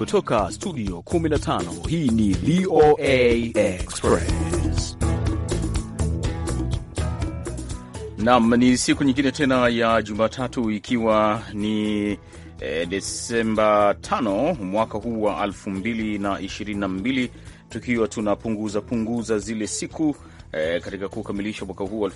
kutoka studio 15 hii ni VOA Express nam ni siku nyingine tena ya Jumatatu ikiwa ni e, Desemba 5 mwaka huu wa 2022 tukiwa tunapunguza punguza zile siku e, katika kukamilisha mwaka huu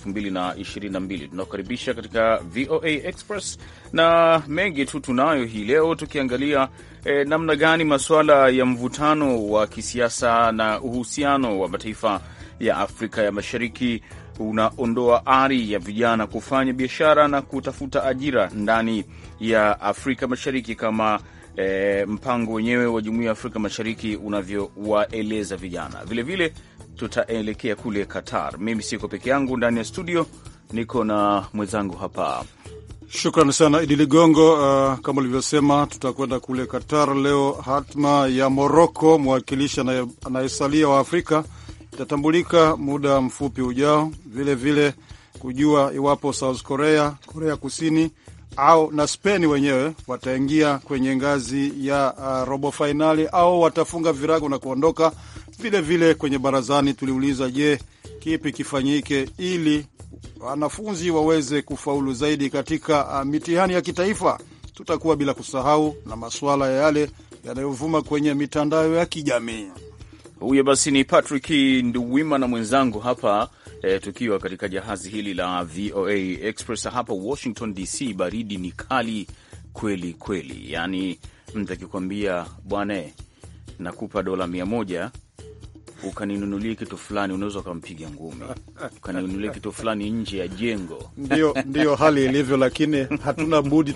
na mbili. Tunakukaribisha katika VOA Express na mengi tu tunayo hii leo, tukiangalia e, namna gani masuala ya mvutano wa kisiasa na uhusiano wa mataifa ya Afrika ya Mashariki unaondoa ari ya vijana kufanya biashara na kutafuta ajira ndani ya Afrika Mashariki kama e, mpango wenyewe wa Jumuiya ya Afrika Mashariki unavyowaeleza vijana vilevile vile, tutaelekea kule Qatar. Mimi siko peke yangu ndani ya studio, niko na mwenzangu hapa. Shukran sana Idi Ligongo. Uh, kama ulivyosema, tutakwenda kule Qatar leo. Hatma ya Moroko, mwakilishi anayesalia wa Afrika, itatambulika muda mfupi ujao, vilevile vile kujua iwapo South Korea, Korea Kusini au na Spain wenyewe wataingia kwenye ngazi ya uh, robo fainali au watafunga virago na kuondoka Vilevile vile kwenye barazani tuliuliza, je, kipi kifanyike ili wanafunzi waweze kufaulu zaidi katika uh, mitihani ya kitaifa? Tutakuwa bila kusahau na masuala ya yale yanayovuma kwenye mitandao ya kijamii. Huyo basi ni Patrick Nduwima na mwenzangu hapa e, tukiwa katika jahazi hili la VOA Express hapa Washington DC. Baridi ni kali kweli kweli, yaani mtu akikuambia bwana, nakupa dola mia moja ukaninunulia kitu fulani, unaweza ukampiga ngumi, ukaninunulia kitu fulani nje ya jengo. Ndio, ndio hali ilivyo, lakini hatuna budi,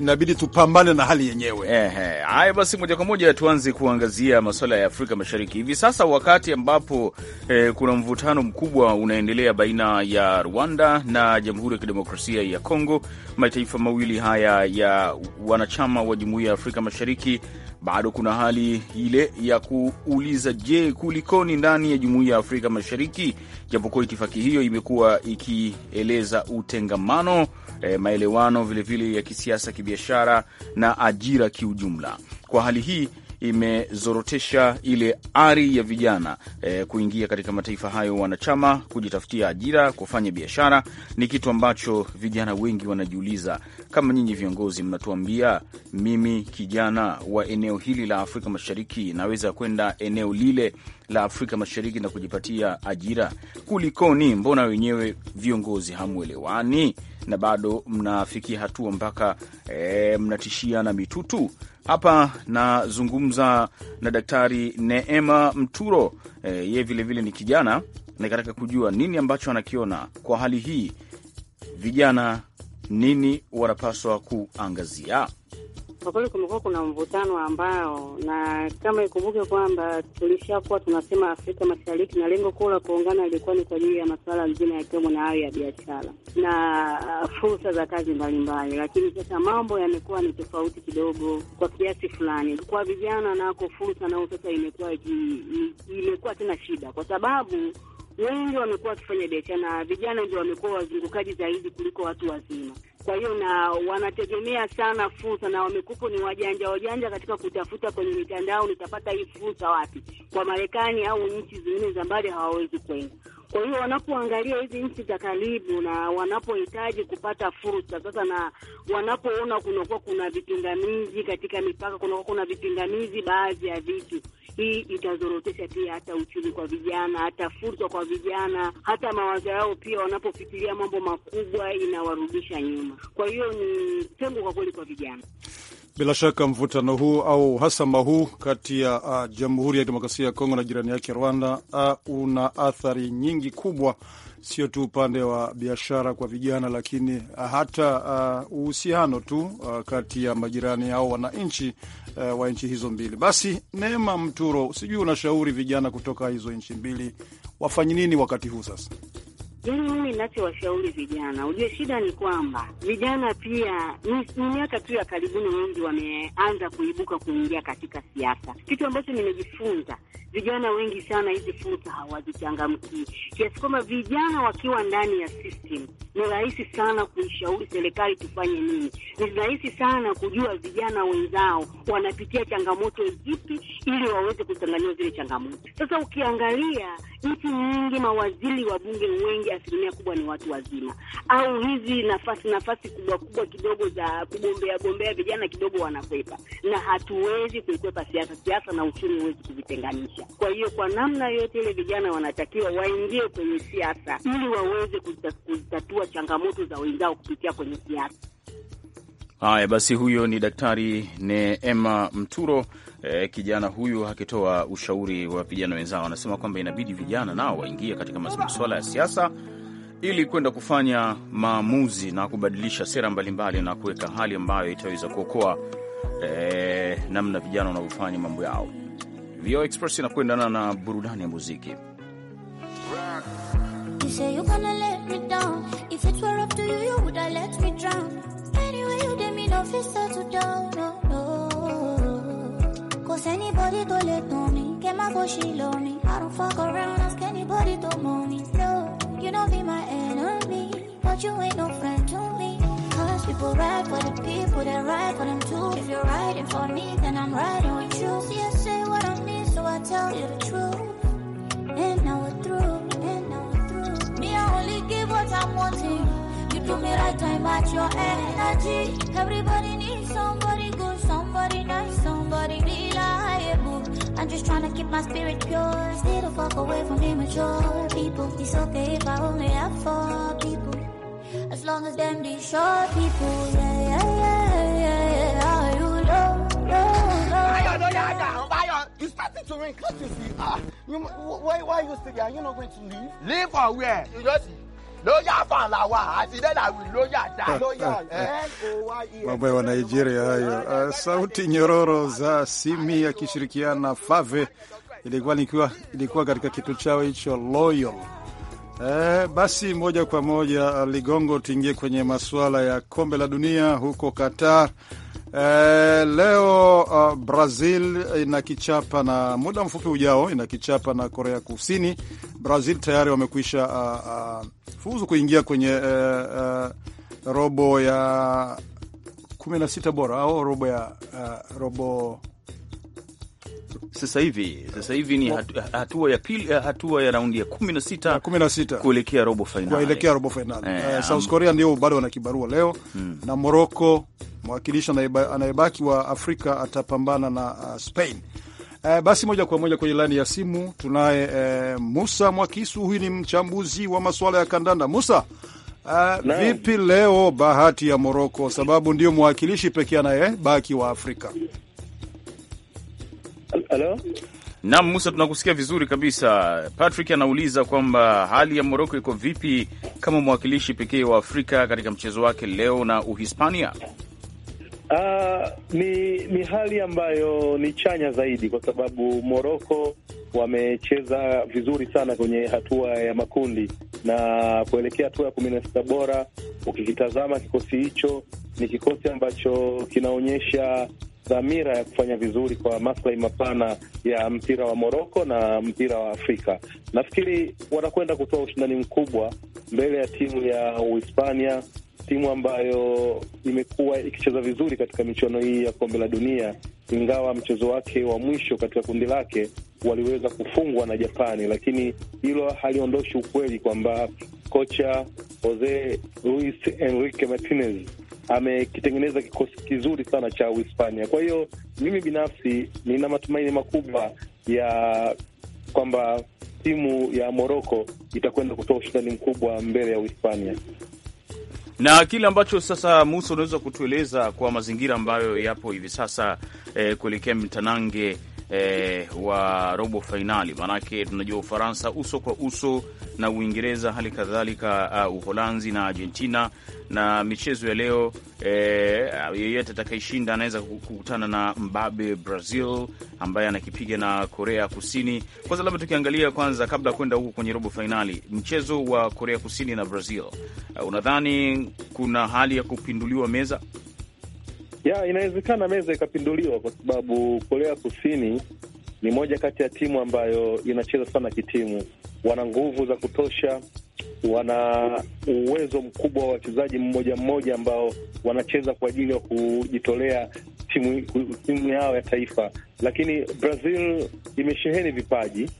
inabidi tupambane na hali yenyewe. Ehe, haya basi, moja kwa moja tuanze kuangazia masuala ya Afrika Mashariki hivi sasa, wakati ambapo eh, kuna mvutano mkubwa unaendelea baina ya Rwanda na Jamhuri ya Kidemokrasia ya Kongo, mataifa mawili haya ya wanachama wa Jumuiya ya Afrika Mashariki bado kuna hali ile ya kuuliza, je, kulikoni ndani ya jumuiya ya Afrika Mashariki? Japokuwa itifaki hiyo imekuwa ikieleza utengamano, e, maelewano vilevile ya kisiasa, kibiashara na ajira kiujumla. Kwa hali hii imezorotesha ile ari ya vijana eh, kuingia katika mataifa hayo wanachama, kujitafutia ajira, kufanya biashara. Ni kitu ambacho vijana wengi wanajiuliza, kama nyinyi viongozi mnatuambia, mimi kijana wa eneo hili la Afrika Mashariki naweza kwenda eneo lile la Afrika Mashariki na kujipatia ajira, kulikoni? Mbona wenyewe viongozi hamwelewani? na bado mnafikia hatua mpaka e, mnatishia na mitutu. Hapa nazungumza na Daktari Neema Mturo, e, eh, ye vilevile ni kijana, nikataka kujua nini ambacho anakiona kwa hali hii, vijana nini wanapaswa kuangazia. Kwa kweli kumekuwa kuna mvutano ambao, na kama ikumbuke kwamba tulishakuwa tunasema Afrika Mashariki, na lengo kuu la kuungana ilikuwa ni kwa ajili ya masuala nzima yakiwemo na hayo ya biashara na fursa za kazi mbalimbali, lakini sasa mambo yamekuwa ni tofauti kidogo kwa kiasi fulani. Kwa vijana nako fursa nao sasa imekuwa imekuwa tena shida, kwa sababu wengi wamekuwa wakifanya biashara na vijana ndio wamekuwa wazungukaji zaidi kuliko watu wazima. Kwa hiyo na wanategemea sana fursa, na wamekupo ni wajanja wajanja katika kutafuta kwenye mitandao, nitapata hii fursa wapi? Kwa Marekani au nchi zingine za mbali hawawezi kwenda. Kwa hiyo wanapoangalia hizi nchi za karibu na wanapohitaji kupata fursa sasa, na wanapoona kunakuwa kuna vipingamizi katika mipaka, kunakuwa kuna vipingamizi baadhi ya vitu hii itazorotesha pia hata uchumi kwa vijana, hata fursa kwa vijana, hata mawazo yao pia wanapofikiria mambo makubwa inawarudisha nyuma. Kwa hiyo ni tengo kwa kweli kwa vijana. Bila shaka mvutano huu au uhasama huu kati ya uh, Jamhuri ya Demokrasia ya Kongo na jirani yake Rwanda uh, una athari nyingi kubwa sio tu upande wa biashara kwa vijana, lakini uh, hata uh, uhusiano tu uh, kati ya majirani au wananchi uh, wa nchi hizo mbili. Basi Neema Mturo, sijui unashauri vijana kutoka hizo nchi mbili wafanye nini wakati huu sasa? yani mimi ninachowashauri vijana, ujue shida ni kwamba vijana pia ni miaka tu ya karibuni, wengi wameanza kuibuka kuingia katika siasa, kitu ambacho nimejifunza vijana wengi sana hizi fursa hawazichangamkii, kiasi kwamba vijana wakiwa ndani ya system ni rahisi sana kuishauri serikali tufanye nini. Ni rahisi sana kujua vijana wenzao wanapitia changamoto zipi, ili waweze kutanganiwa zile changamoto. Sasa ukiangalia nchi nyingi, mawaziri wa bunge wengi asilimia kubwa ni watu wazima, au hizi nafasi nafasi kubwa kubwa kidogo za kugombea gombea, vijana kidogo wanakwepa, na hatuwezi kuikwepa siasa. Siasa na uchumi huwezi kuvitenganisha. Kwa hiyo kwa namna yote ile vijana wanatakiwa waingie kwenye siasa ili waweze kuzitatua changamoto za wenzao kupitia kwenye siasa. Haya basi, huyo ni Daktari Neema Mturo e, kijana huyu akitoa ushauri wa vijana wenzao, anasema kwamba inabidi vijana nao waingie katika masuala ya siasa ili kwenda kufanya maamuzi na kubadilisha sera mbalimbali mbali na kuweka hali ambayo itaweza kuokoa e, namna vijana wanavyofanya mambo yao. Vio Express inakuendana na burudani ya muziki. Ask anybody to let know me. Get my go, she love me. I don't fuck around, ask anybody to move me. No, you don't be my enemy. But you ain't no friend to me. Cause people ride for the people, that ride for them too. If you're riding for me, then I'm riding with you. See, I say what I mean, so I tell you the truth. And now we're through, and now we're through. Me, I only give what I'm wanting. You do me right, I'm at your energy. Everybody needs somebody good. my spirit pure. Stay the fuck away from immature people. It's okay if I only have four people. As long as them be short people, yeah, yeah, yeah, yeah, yeah. Are you low, low, low? You started to ring, can't you see? Ah, you, why, why are you still here? Are you not going to leave? Leave for where? You just see. lóyà fan la wa àti dẹ́nà wí lóyà dá. Mambo wa Nigeria hayo. Uh, sauti nyororo za Simi akishirikiana Fave ilikuwa nikiwa, ilikuwa katika kitu chao hicho loyal. Eh, basi moja kwa moja uh, Ligongo, tuingie kwenye masuala ya kombe la dunia huko Qatar. Eh, leo uh, Brazil inakichapa na muda mfupi ujao inakichapa na Korea Kusini. Brazil tayari wamekwisha uh, uh, fuzu kuingia kwenye uh, uh, robo ya 16 bora au robo ya uh, robo sasa hivi sasa hivi ni hatua ya pili, eh, hatua ya raundi ya 16 16 kuelekea robo finali, kuelekea robo finali eh, uh, South Korea ndio bado wana kibarua leo hmm. na Morocco mwakilishi anayebaki wa Afrika atapambana na uh, Spain. Uh, basi moja kwa moja kwenye laini ya simu tunaye uh, Musa Mwakisu, huyu ni mchambuzi wa masuala ya kandanda. Musa, uh, vipi leo bahati ya Morocco, sababu ndio mwakilishi pekee anayebaki wa Afrika? Halo? Naam, Musa, tunakusikia vizuri kabisa. Patrick anauliza kwamba hali ya Moroko iko vipi kama mwakilishi pekee wa Afrika katika mchezo wake leo na Uhispania? Uh, ni ni hali ambayo ni chanya zaidi kwa sababu Moroko wamecheza vizuri sana kwenye hatua ya makundi na kuelekea hatua ya kumi na sita bora. Ukikitazama kikosi hicho ni kikosi ambacho kinaonyesha dhamira ya kufanya vizuri kwa maslahi mapana ya mpira wa Moroko na mpira wa Afrika. Nafikiri wanakwenda kutoa ushindani mkubwa mbele ya timu ya Uhispania, timu ambayo imekuwa ikicheza vizuri katika michuano hii ya kombe la dunia, ingawa mchezo wake wa mwisho katika kundi lake waliweza kufungwa na Japani, lakini hilo haliondoshi ukweli kwamba kocha Jose Luis Enrique Martinez amekitengeneza kikosi kizuri sana cha Uhispania. Kwa hiyo mimi binafsi nina matumaini makubwa ya kwamba timu ya Moroko itakwenda kutoa ushindani mkubwa mbele ya Uhispania na kile ambacho sasa, Musa, unaweza kutueleza kwa mazingira ambayo yapo hivi sasa eh, kuelekea mtanange eh, wa robo fainali. Maanake tunajua Ufaransa uso kwa uso na Uingereza, hali kadhalika uh, Uholanzi na Argentina. Na michezo ya leo eh, yeyote atakayeshinda anaweza kukutana na mbabe Brazil ambaye anakipiga na Korea Kusini. Kwanza labda tukiangalia kwanza, kabla ya kwenda huko kwenye robo fainali, mchezo wa Korea Kusini na Brazil, uh, unadhani kuna hali ya kupinduliwa meza? ya inawezekana meza ikapinduliwa, kwa sababu Korea Kusini ni moja kati ya timu ambayo inacheza sana kitimu. Wana nguvu za kutosha, wana uwezo mkubwa wa wachezaji mmoja mmoja ambao wanacheza kwa ajili ya kujitolea timu, timu yao ya taifa. Lakini Brazil imesheheni vipaji.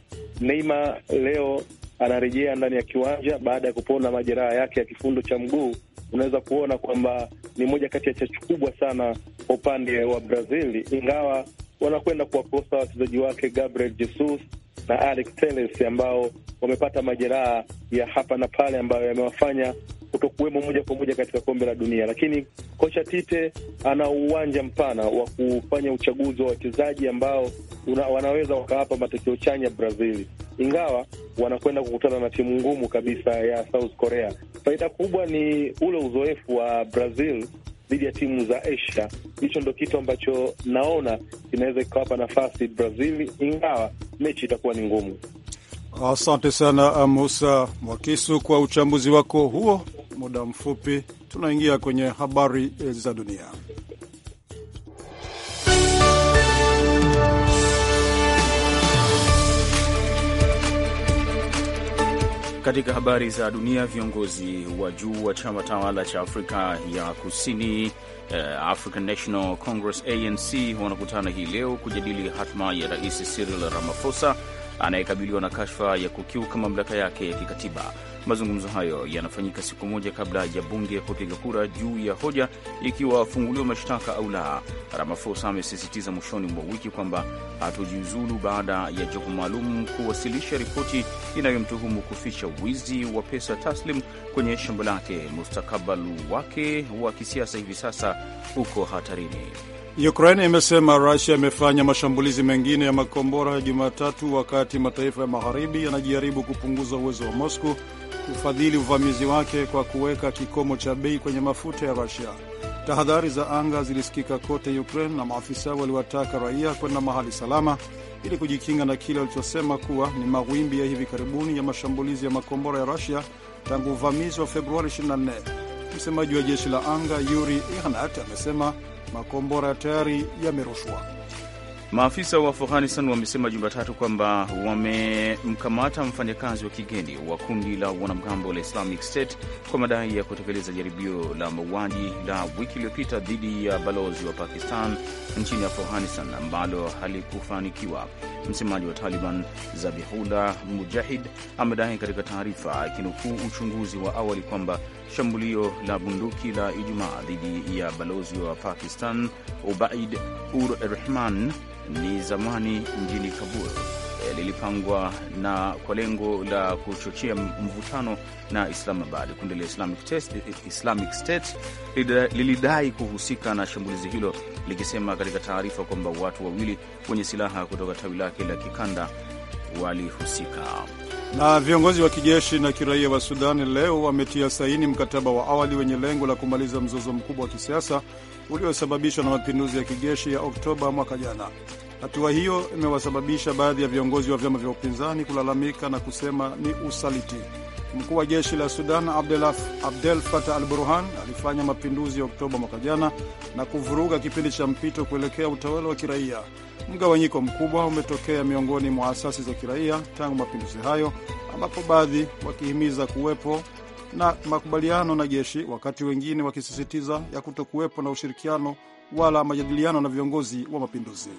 Neymar leo anarejea ndani ya kiwanja baada ya kupona majeraha yake ya kifundo cha mguu. Unaweza kuona kwamba ni moja kati ya chachu kubwa sana kwa upande wa Brazil, ingawa wanakwenda kuwakosa wachezaji wake Gabriel Jesus na Alex Teles ambao wamepata majeraha ya hapa na pale ambayo yamewafanya kutokuwemo moja kwa moja katika kombe la dunia, lakini kocha Tite ana uwanja mpana wa kufanya uchaguzi wa wachezaji ambao una, wanaweza wakawapa matokeo chanya brazili ingawa wanakwenda kukutana na timu ngumu kabisa ya South Korea. Faida kubwa ni ule uzoefu wa Brazil dhidi ya timu za Asia. Hicho ndo kitu ambacho naona kinaweza kikawapa nafasi Brazil, ingawa mechi itakuwa ni ngumu. Asante sana Musa Mwakisu kwa uchambuzi wako huo. Muda mfupi tunaingia kwenye habari za dunia. Katika habari za dunia, viongozi wa juu wa chama tawala cha Afrika ya Kusini eh, African National Congress ANC wanakutana hii leo kujadili hatma ya Rais Cyril Ramaphosa anayekabiliwa na kashfa ya kukiuka mamlaka yake ya kikatiba. Mazungumzo hayo yanafanyika siku moja kabla ya bunge kupiga kura juu ya hoja ikiwa afunguliwa mashtaka au la. Ramaphosa amesisitiza mwishoni mwa wiki kwamba hatujiuzulu baada ya jopo maalum kuwasilisha ripoti inayomtuhumu kuficha wizi wa pesa taslim kwenye shamba lake. Mustakabali wake wa kisiasa hivi sasa uko hatarini. Ukraine imesema rusia imefanya mashambulizi mengine ya makombora ya Jumatatu wakati mataifa ya magharibi yanajaribu kupunguza uwezo wa Moscow kufadhili uvamizi wake kwa kuweka kikomo cha bei kwenye mafuta ya rasia Tahadhari za anga zilisikika kote Ukraine na maafisa waliwataka raia kwenda mahali salama ili kujikinga na kile walichosema kuwa ni mawimbi ya hivi karibuni ya mashambulizi ya makombora ya rasia tangu uvamizi wa Februari 24. Msemaji wa jeshi la anga Yuri Ihnat amesema makombora tayari yamerushwa. Maafisa wa Afghanistan wamesema Jumatatu kwamba wamemkamata mfanyakazi wa kigeni wa kundi la wanamgambo la Islamic State kwa madai ya kutekeleza jaribio la mauaji la wiki iliyopita dhidi ya balozi wa Pakistan nchini Afghanistan ambalo halikufanikiwa. Msemaji wa Taliban Zabihullah Mujahid amedai katika taarifa akinukuu uchunguzi wa awali kwamba shambulio la bunduki la Ijumaa dhidi ya balozi wa Pakistan Ubaid ur Rahman ni zamani mjini Kabul e, lilipangwa na kwa lengo la kuchochea mvutano na Islamabad. Kundi la Islamic Islamic State lilidai kuhusika na shambulizi hilo likisema katika taarifa kwamba watu wawili wenye silaha kutoka tawi lake la kikanda walihusika. Na viongozi wa kijeshi na kiraia wa Sudani leo wametia saini mkataba wa awali wenye lengo la kumaliza mzozo mkubwa wa kisiasa uliosababishwa na mapinduzi ya kijeshi ya Oktoba mwaka jana. Hatua hiyo imewasababisha baadhi ya viongozi wa vyama vya upinzani kulalamika na kusema ni usaliti. Mkuu wa jeshi la Sudan Abdel Fattah al Burhan alifanya mapinduzi ya Oktoba mwaka jana na kuvuruga kipindi cha mpito kuelekea utawala wa kiraia. Mgawanyiko mkubwa umetokea miongoni mwa asasi za kiraia tangu mapinduzi hayo, ambapo baadhi wakihimiza kuwepo na makubaliano na jeshi, wakati wengine wakisisitiza ya kutokuwepo na ushirikiano wala majadiliano na viongozi wa mapinduzi.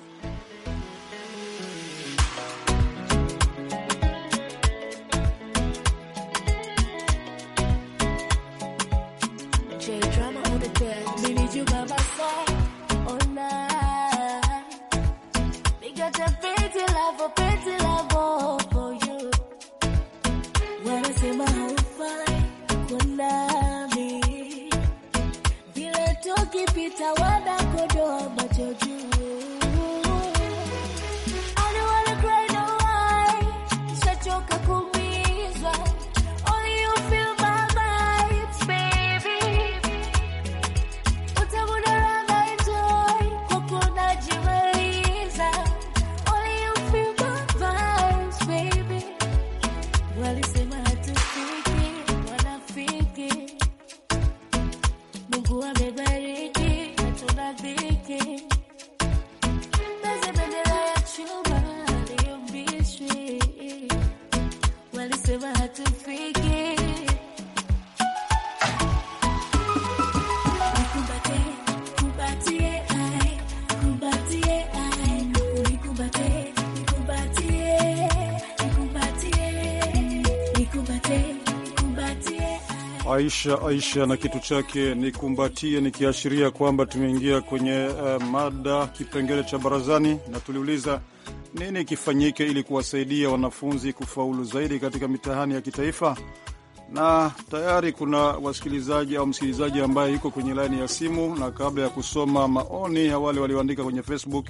couple beds Aisha Aisha na kitu chake nikumbatie, nikiashiria kwamba tumeingia kwenye uh, mada kipengele cha barazani, na tuliuliza nini kifanyike ili kuwasaidia wanafunzi kufaulu zaidi katika mitihani ya kitaifa, na tayari kuna wasikilizaji au msikilizaji ambaye yuko kwenye laini ya simu, na kabla ya kusoma maoni ya wale walioandika kwenye Facebook,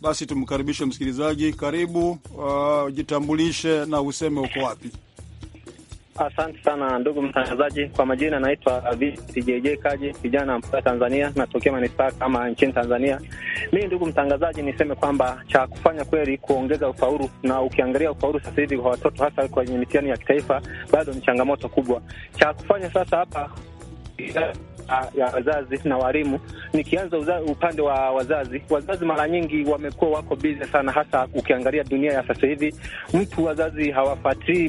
basi tumkaribishe msikilizaji. Karibu, uh, jitambulishe na useme uko wapi. Asante sana ndugu mtangazaji. Kwa majina naitwa VJJ Kaji, kijana mtoa Tanzania, natokea manispaa kama nchini Tanzania. Mi ndugu mtangazaji, niseme kwamba cha kufanya kweli kuongeza ufaulu, na ukiangalia ufaulu sasa hivi kwa watoto hasa kwenye mitihani ya kitaifa bado ni changamoto kubwa. Cha kufanya sasa hapa Ah, ya wazazi na walimu. Nikianza upande wa wazazi, wazazi mara nyingi wamekuwa wako busy sana, hasa ukiangalia dunia ya sasa hivi, mtu wazazi hawafuatilii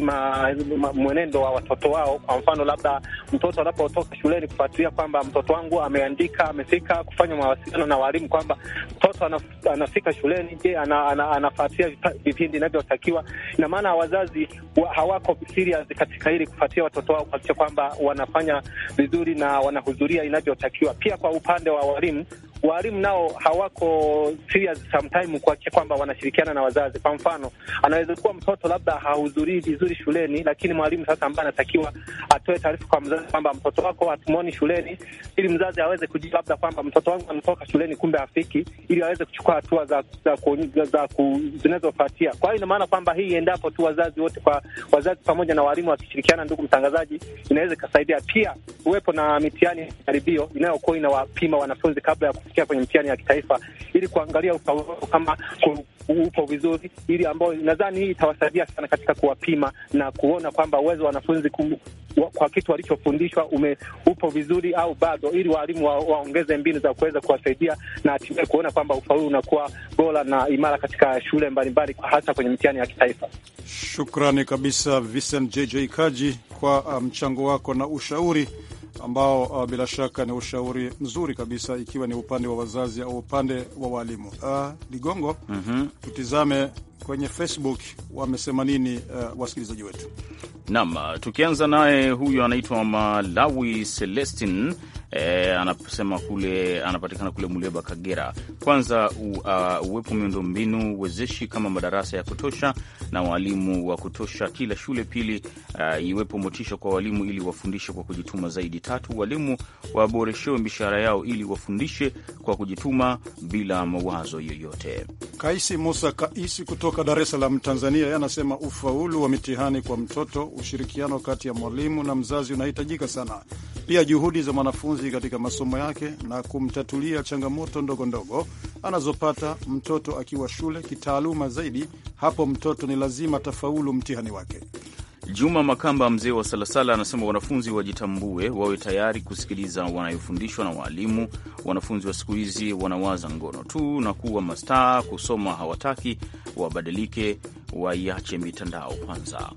mwenendo wa watoto wao. Kwa mfano, labda mtoto anapotoka shuleni kufuatilia kwamba mtoto wangu ameandika, amefika, kufanya mawasiliano na walimu kwamba mtoto anafika shuleni, je, anafuatilia ana, ana vipindi inavyotakiwa. Ina maana wazazi wa, hawako serious katika hili kufuatilia watoto wao kuhakikisha kwamba wanafanya vizuri na wanahuzuri kuhudhuria inavyotakiwa. Pia kwa upande wa walimu Walimu nao hawako serious sometime kuhakikisha kwamba wanashirikiana na wazazi. Kwa mfano, anaweza kuwa mtoto labda hahudhurii vizuri shuleni, lakini mwalimu sasa ambaye anatakiwa atoe taarifa kwa mzazi kwamba mtoto wako hatumwoni shuleni, ili mzazi aweze kujua labda kwamba mtoto wangu anatoka shuleni, kumbe hafiki, ili aweze kuchukua hatua za za, za, za zinazofuatia. Kwa hiyo ina maana kwamba hii, endapo tu wazazi wote kwa wazazi pamoja na walimu wakishirikiana, ndugu mtangazaji, inaweza ikasaidia. Pia uwepo na mitihani ya jaribio inayokuwa inawapima wanafunzi kabla ya kuelekea kwenye mtihani ya kitaifa, ili kuangalia ufaulu kama upo vizuri, ili ambayo nadhani hii itawasaidia sana katika kuwapima na kuona kwamba uwezo wa wanafunzi kwa kitu walichofundishwa upo vizuri au bado, ili waalimu waongeze wa mbinu za kuweza kuwasaidia na hatimaye kuona kwamba ufaulu unakuwa bora na imara katika shule mbalimbali, mbali, hasa kwenye mtihani ya kitaifa. Shukrani kabisa Vincent JJ Kaji kwa uh, mchango um, wako na ushauri ambao uh, bila shaka ni ushauri mzuri kabisa, ikiwa ni upande wa wazazi au upande wa walimu. Uh, Ligongo, mm -hmm. tutizame kwenye Facebook wamesema nini uh, wasikilizaji wetu. Naam, uh, tukianza naye huyu anaitwa Malawi Celestin e, anasema kule anapatikana kule Muleba, Kagera. Kwanza uwepo uh, uwepo miundombinu wezeshi kama madarasa ya kutosha na waalimu wa kutosha kila shule. Pili, uh, iwepo motisha kwa walimu ili wafundishe kwa kujituma zaidi. Tatu, walimu waboreshewe mishahara yao ili wafundishe kwa kujituma bila mawazo yoyote. Kaisi Musa Kaisi kutoka kutoka Dar es Salaam, Tanzania, yanasema ufaulu wa mitihani kwa mtoto, ushirikiano kati ya mwalimu na mzazi unahitajika sana, pia juhudi za mwanafunzi katika masomo yake na kumtatulia changamoto ndogo ndogo anazopata mtoto akiwa shule. Kitaaluma zaidi, hapo mtoto ni lazima tafaulu mtihani wake. Juma Makamba, mzee wa Salasala, anasema wanafunzi wajitambue, wawe tayari kusikiliza wanayofundishwa na waalimu. Wanafunzi wa siku hizi wanawaza ngono tu na kuwa mastaa, kusoma hawataki, wabadilike, waiache mitandao kwanza.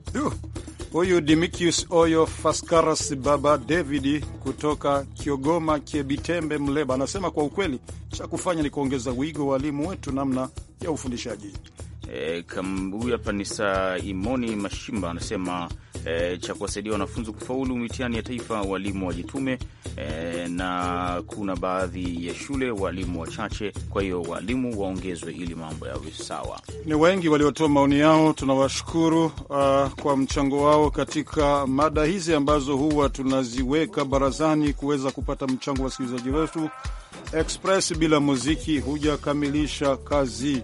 Huyu Dimikius Oyo Faskaras Baba David kutoka Kiogoma, Kiebitembe, Mleba, anasema kwa ukweli cha kufanya ni kuongeza wigo waalimu wetu namna ya ufundishaji. Eh, huyu hapa ni Imoni Mashimba anasema e, cha kuwasaidia wanafunzi kufaulu mitihani ya taifa walimu wajitume, e, na kuna baadhi ya shule walimu wachache, kwa hiyo walimu waongezwe ili mambo yawe sawa. Ni wengi waliotoa maoni yao, tunawashukuru uh, kwa mchango wao katika mada hizi ambazo huwa tunaziweka barazani kuweza kupata mchango wa wasikilizaji wetu. Express bila muziki hujakamilisha kazi.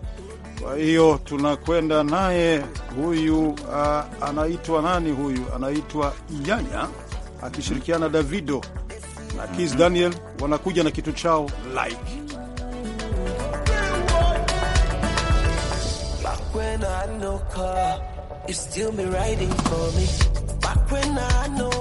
Kwa hiyo tunakwenda naye huyu, uh, anaitwa nani huyu? Anaitwa Yanya akishirikiana Davido na kis mm -hmm. Daniel wanakuja na kitu chao like Back when I know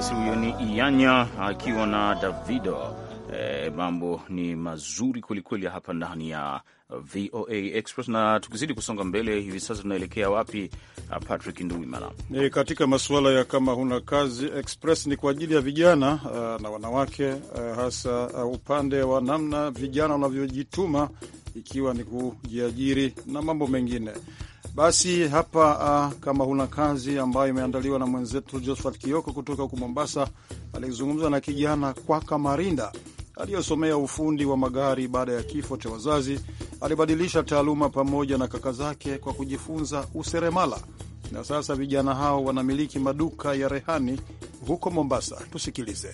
basi huyo ni Iyanya akiwa na Davido. E, mambo ni mazuri kwelikweli hapa ndani ya VOA Express na tukizidi kusonga mbele hivi sasa tunaelekea wapi? Ah, Patrick Nduwimana. Ni eh, katika masuala ya kama huna kazi, Express ni kwa ajili ya vijana ah, na wanawake, eh, hasa ah, upande wa namna vijana wanavyojituma, ikiwa ni kujiajiri na mambo mengine. Basi hapa uh, kama huna kazi ambayo imeandaliwa na mwenzetu Josphat Kioko kutoka huku Mombasa, alizungumza na kijana Kwaka Marinda aliyosomea ufundi wa magari. Baada ya kifo cha wazazi, alibadilisha taaluma pamoja na kaka zake kwa kujifunza useremala, na sasa vijana hao wanamiliki maduka ya rehani huko Mombasa. Tusikilize.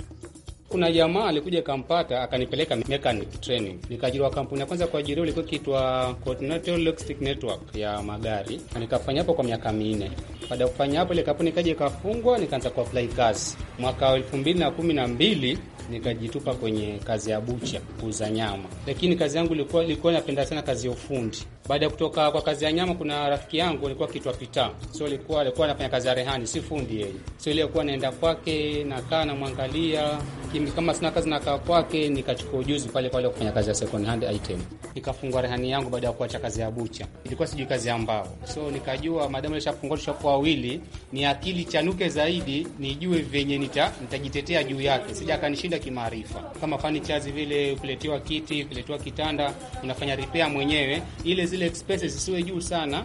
Kuna jamaa alikuja Kampata akanipeleka mechanic training, nikaajiriwa. Kampuni ya kwanza kuajiriwa ilikuwa ikiitwa Continental Logistic Network ya magari, na nikafanya hapo kwa miaka minne. Baada ya kufanya hapo, ile kampuni ikaja ikafungwa, nikaanza kuapply kazi. Mwaka wa elfu mbili na kumi na mbili nikajitupa kwenye kazi ya bucha, kuuza nyama, lakini kazi yangu ilikuwa ilikuwa napenda sana kazi ya ufundi baada ya kutoka kwa kazi ya nyama, kuna rafiki yangu alikuwa kitwa Pita, so alikuwa alikuwa anafanya kazi ya rehani, si fundi yeye, so ilikuwa naenda kwake, nakaa namwangalia kimi, kama sina kazi nakaa kwake, nikachukua ujuzi pale pale kufanya kazi ya second hand item, nikafungua rehani yangu baada ya kuacha kazi ya bucha. Ilikuwa sijui kazi ya mbao, so nikajua madamu alishafungua tushakuwa wawili, ni akili chanuke zaidi, nijue venye nita nitajitetea juu yake, sija akanishinda kimaarifa. Kama fanichazi vile, ukiletewa kiti, ukiletewa kitanda, unafanya ripea mwenyewe ile zile expenses zisiwe juu sana.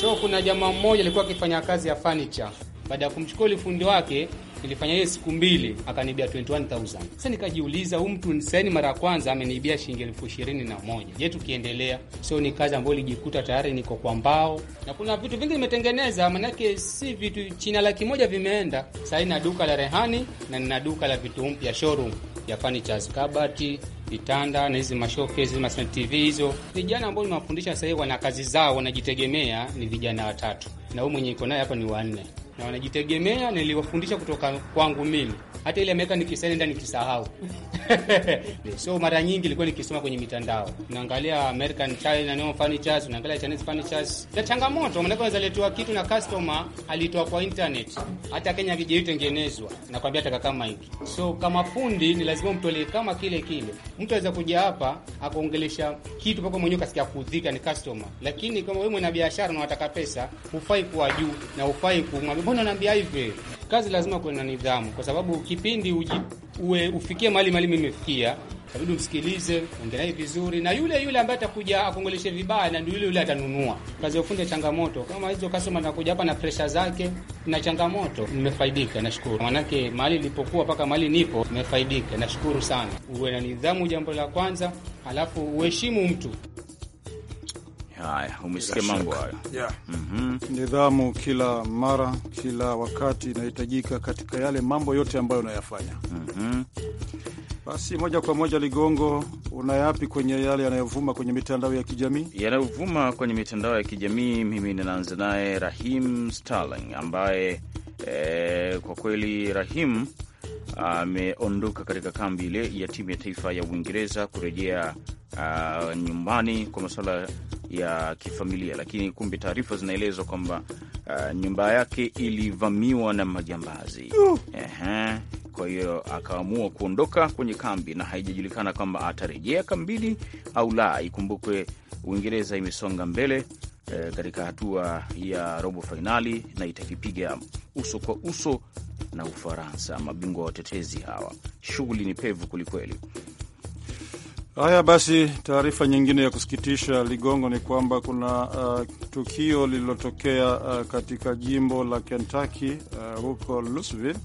So kuna jamaa mmoja alikuwa akifanya kazi ya furniture. Baada ya kumchukua ile fundi wake, nilifanya yeye siku mbili, akanibia 21000. Sasa nikajiuliza, huyu mtu nisaini mara ya kwanza ameniibia shilingi elfu ishirini na moja. Je, tukiendelea? So ni kazi ambayo ilijikuta tayari niko kwa mbao, na kuna vitu vingi nimetengeneza, maanake si vitu chini laki moja vimeenda. Sasa ina duka la rehani na nina duka la vitu mpya showroom ya furniture, kabati vitanda na hizi mashoke hizi ma TV hizo. Vijana ambao nimewafundisha sasa hivi wana kazi zao, wanajitegemea, ni vijana watatu, na huyu mwenye iko naye hapa ni wanne na wanajitegemea, niliwafundisha kutoka kwangu mimi. Hata ile ameweka nikisaenda nikisahau. So mara nyingi ilikuwa nikisoma kwenye mitandao, unaangalia American China no furnitures, unaangalia Chinese furnitures. Na changamoto maana unaweza letewa kitu na customer alitoa kwa internet, hata Kenya kije itengenezwa na kwambia taka kama hiki. So kama fundi ni lazima mtolee kama kile kile. Mtu aweza kuja hapa akaongelesha kitu mpaka mwenyewe kasikia kudhika ni customer, lakini kama wewe mwana biashara na unataka pesa, hufai kuwa juu na hufai kumwambia Mbona naambia hivi, kazi lazima kuwe na nidhamu, kwa sababu kipindi uji, uwe ufikie mahali mali imefikia, Tabidi umsikilize, ongea naye vizuri, na yule yule ambaye atakuja akuongeleshe vibaya, na ndio yule yule atanunua. Kazi ya ufundi changamoto kama hizo, customer anakuja hapa na pressure zake na changamoto. Nimefaidika, nashukuru, manake mahali nilipokuwa mpaka mahali nipo nimefaidika, nashukuru sana. Uwe na nidhamu, jambo la kwanza, alafu uheshimu mtu. Haya, umesikia mambo hayo yeah. mm -hmm. Nidhamu kila mara, kila wakati inahitajika katika yale mambo yote ambayo unayafanya. mm -hmm. Basi moja kwa moja, Ligongo, unayapi kwenye yale yanayovuma kwenye mitandao ya kijamii? Yanayovuma kwenye mitandao ya kijamii, mimi ninaanza naye Rahim Starling ambaye eh, kwa kweli Rahim ameondoka katika kambi ile ya timu ya taifa ya Uingereza kurejea uh, nyumbani kwa masuala ya kifamilia, lakini kumbe taarifa zinaelezwa kwamba uh, nyumba yake ilivamiwa na majambazi uh. kwa hiyo akaamua kuondoka kwenye kambi na haijajulikana kwamba atarejea kambini au la. Ikumbukwe Uingereza imesonga mbele eh, katika hatua ya robo fainali na itakipiga uso kwa uso na Ufaransa, mabingwa watetezi hawa. Shughuli ni pevu kwelikweli. Haya basi, taarifa nyingine ya kusikitisha Ligongo ni kwamba kuna uh, tukio lililotokea uh, katika jimbo la Kentucky uh, huko Louisville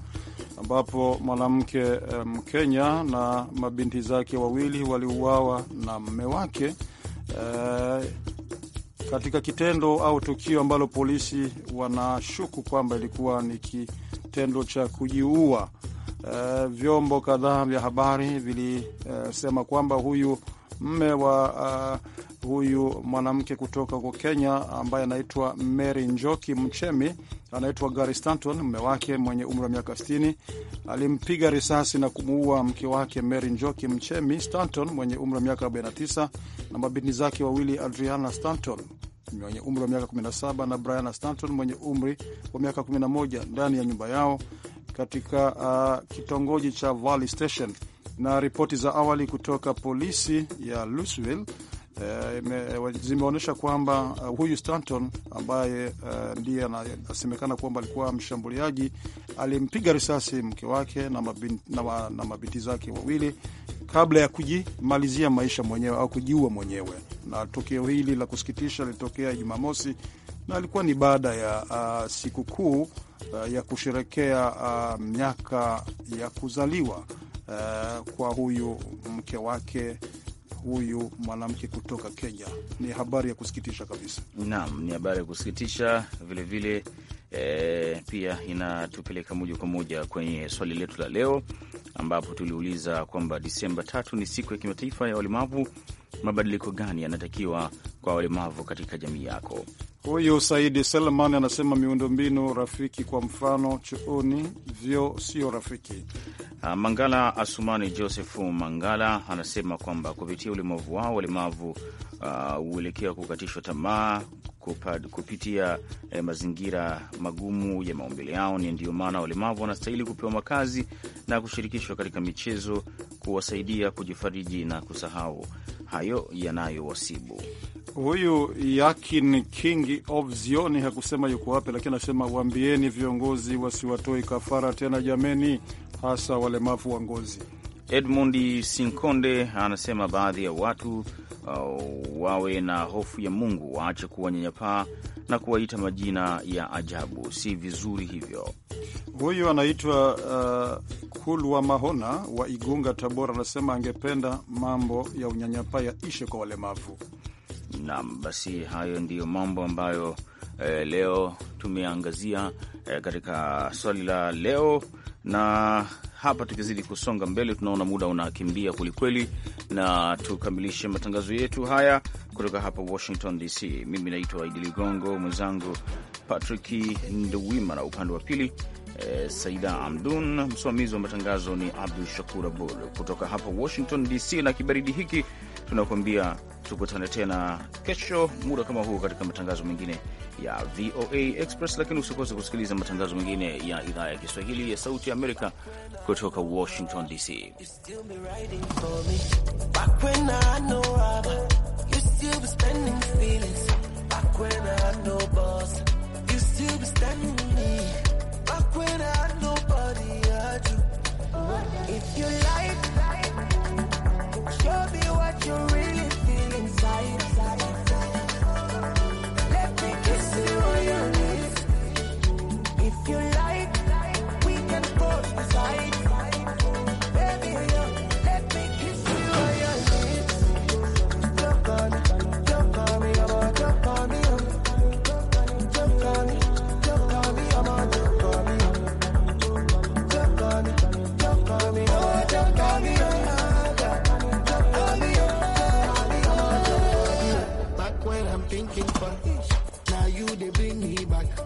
ambapo mwanamke uh, Mkenya um, na mabinti zake wawili waliuawa na mme wake uh, katika kitendo au tukio ambalo polisi wanashuku kwamba ilikuwa ni ki kitendo cha kujiua. Uh, vyombo kadhaa vya habari vilisema uh, kwamba huyu mme wa uh, huyu mwanamke kutoka huko Kenya ambaye anaitwa Mary Njoki Mchemi, anaitwa Gary Stanton, mme wake mwenye umri wa miaka 60 alimpiga risasi na kumuua mke wake Mary Njoki Mchemi Stanton mwenye umri wa miaka 49 na mabinti zake wawili Adriana Stanton mwenye umri wa miaka 17 na Brian Stanton mwenye umri wa miaka 11 ndani ya nyumba yao katika uh, kitongoji cha Valley Station. Na ripoti za awali kutoka polisi ya Louisville Eh, zimeonyesha kwamba uh, huyu Stanton ambaye uh, ndiye anasemekana kwamba alikuwa mshambuliaji alimpiga risasi mke wake na mabinti, na, ma, na mabinti zake wawili kabla ya kujimalizia maisha mwenyewe au kujiua mwenyewe. Na tukio hili la kusikitisha lilitokea Jumamosi na alikuwa ni baada ya uh, sikukuu uh, ya kusherekea uh, miaka ya kuzaliwa uh, kwa huyu mke wake huyu mwanamke kutoka Kenya. Ni habari ya kusikitisha kabisa. Naam, ni habari ya kusikitisha vilevile. E, eh, pia inatupeleka moja kwa moja kwenye swali letu la leo ambapo tuliuliza kwamba Disemba tatu ni siku ya kimataifa ya walemavu. Mabadiliko gani yanatakiwa kwa walemavu katika jamii yako? Huyu Saidi Selman anasema miundombinu rafiki, kwa mfano chooni, vyo sio rafiki. Ah, Mangala Asumani Josefu Mangala anasema kwamba kupitia ulemavu wao walemavu ah, huelekea uh, kukatishwa tamaa kupad, kupitia eh, mazingira magumu ya maumbile yao. Ni ndiyo maana walemavu wanastahili kupewa makazi na kushirikishwa katika michezo kuwasaidia kujifariji na kusahau hayo yanayowasibu. Huyu Yakin King of Zioni hakusema yuko wapi, lakini anasema waambieni viongozi wasiwatoi kafara tena jameni, hasa walemavu wa ngozi. Edmund Sinkonde anasema baadhi ya watu uh, wawe na hofu ya Mungu, waache kuwa nyanyapaa na kuwaita majina ya ajabu, si vizuri hivyo. Huyu anaitwa uh, Kulwa Mahona wa Igunga, Tabora, anasema angependa mambo ya unyanyapaa yaishe kwa walemavu. Naam, basi hayo ndiyo mambo ambayo eh, leo tumeangazia eh, katika swali la leo na hapa tukizidi kusonga mbele, tunaona muda unakimbia kwelikweli, na tukamilishe matangazo yetu haya kutoka hapa Washington DC. Mimi naitwa Idi Ligongo, mwenzangu Patrick Nduwima na upande wa pili eh, Saida Amdun. Msimamizi wa matangazo ni abdu Shakur Abud kutoka hapa Washington DC, na kibaridi hiki tunakuambia tukutane tena kesho muda kama huu katika matangazo mengine ya VOA Express, lakini usikose kusikiliza matangazo mengine ya idhaa ya Kiswahili ya Sauti ya Amerika kutoka Washington DC. when I had nobody you. If you like, show me what you really they bring me back.